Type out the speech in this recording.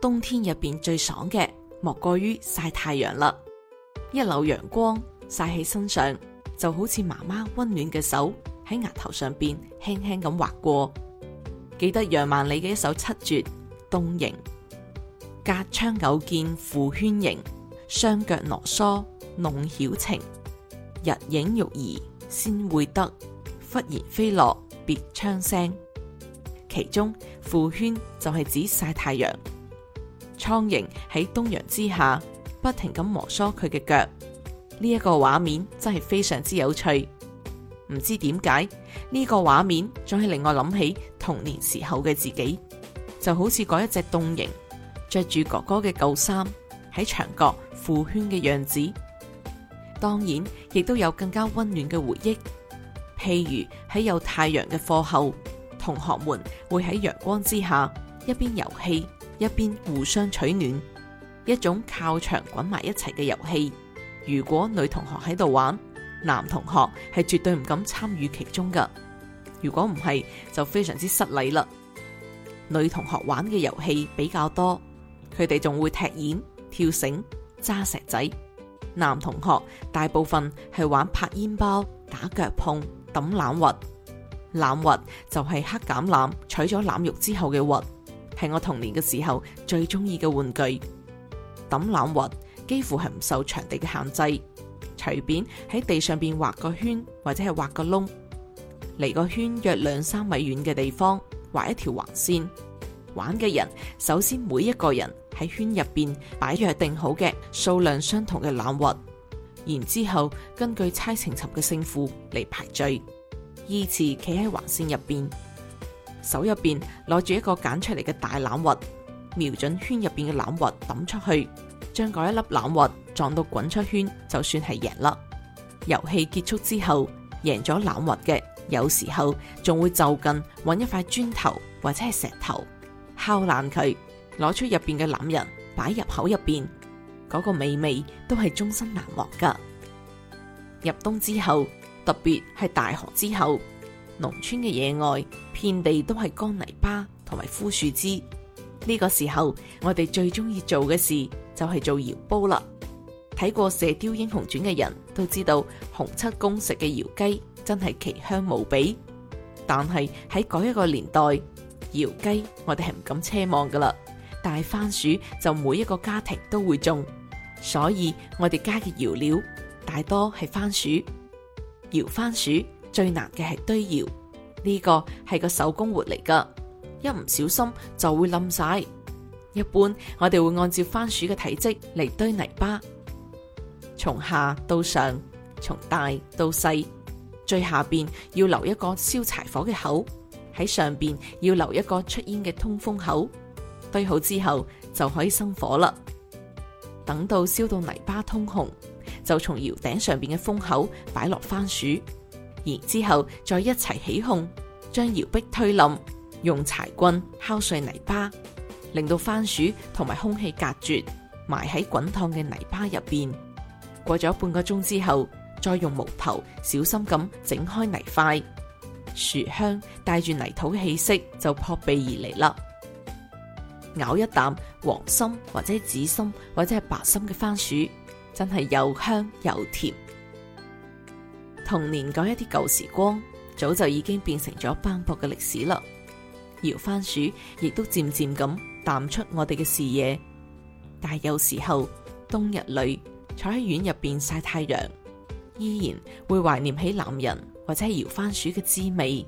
冬天入邊最爽嘅，莫過於曬太陽啦。一縷陽光曬喺身上，就好似媽媽溫暖嘅手喺額頭上邊輕輕咁劃過。記得楊萬里嘅一首七絕《凍蠅》，隔窗偶見負暄蠅，雙腳挼挲弄曉晴。日影欲移先會得，忽然飛落別窗聲。其中負暄就係指曬太陽。蒼蠅喺冬陽之下不停咁摩挲佢嘅腳，呢一個畫面真係非常之有趣。唔知點解呢個畫面總係令我諗起童年時候嘅自己，就好似嗰一隻凍蠅，着住哥哥嘅舊衫喺牆角負暄嘅樣子。當然，亦都有更加溫暖嘅回憶，譬如喺有太陽嘅課後，同學們會喺陽光之下一邊遊戲一邊互相取暖，一種靠牆滾埋一齊嘅遊戲。如果女同學喺度玩，男同學係絕對唔敢參與其中噶。如果唔係，就非常之失禮啦。女同學玩嘅遊戲比較多，佢哋仲會踢毽、跳繩、揸石仔。男同學大部分係玩拍煙包、打腳碰、抌欖核。欖核就係黑橄欖，取咗欖肉之後嘅核。係我童年嘅時候最中意嘅玩具，抌欖核幾乎係唔受場地嘅限制，隨便喺地上邊畫個圈或者係畫個窿，離個圈約兩三米遠嘅地方畫一條橫線。玩嘅人首先每一個人喺圈入邊擺約定好嘅數量相同嘅欖核，然之後根據猜情尋嘅勝負嚟排序。依次企喺橫線入邊。手入邊攞住一個揀出嚟嘅大欖核，瞄準圈入邊嘅欖核抌出去，將嗰一粒欖核撞到滾出圈，就算係贏啦。遊戲結束之後，贏咗欖核嘅，有時候仲會就近揾一塊磚頭或者係石頭敲爛佢，攞出入邊嘅欖仁擺入口入邊，嗰個美味都係終身難忘噶。入冬之後，特別係大寒之後。農村嘅野外，遍地都係乾泥巴同埋枯樹枝。呢、這個時候，我哋最中意做嘅事就係、是、做窯煲啦。睇過《射雕英雄傳》嘅人都知道，洪七公食嘅窯雞真係奇香無比。但係喺嗰一個年代，窯雞我哋係唔敢奢望噶啦。但係番薯就每一個家庭都會種，所以我哋加嘅窯料大多係番薯，窯番薯。最難嘅係堆窑，呢個係個手工活嚟噶，一唔小心就會冧晒。一般我哋會按照番薯嘅體積嚟堆泥巴，從下到上，從大到細，最下邊要留一個燒柴火嘅口，喺上邊要留一個出煙嘅通風口。堆好之後就可以生火啦。等到燒到泥巴通紅，就從窑頂上邊嘅風口擺落番薯。然之後再一齊起，起哄，將窑壁推冧，用柴棍敲碎泥巴，令到番薯同埋空氣隔絕，埋喺滾燙嘅泥巴入邊。過咗半個鐘之後，再用木頭小心咁整開泥塊，薯香帶住泥土氣息就撲鼻而嚟啦。咬一啖黃心或者紫心或者係白心嘅番薯，真係又香又甜。童年嗰一啲舊時光，早就已經變成咗斑駁嘅歷史啦。窯番薯亦都漸漸咁淡出我哋嘅視野，但係有時候冬日裏坐喺院入邊晒太陽，依然會懷念起欖仁或者係窯番薯嘅滋味。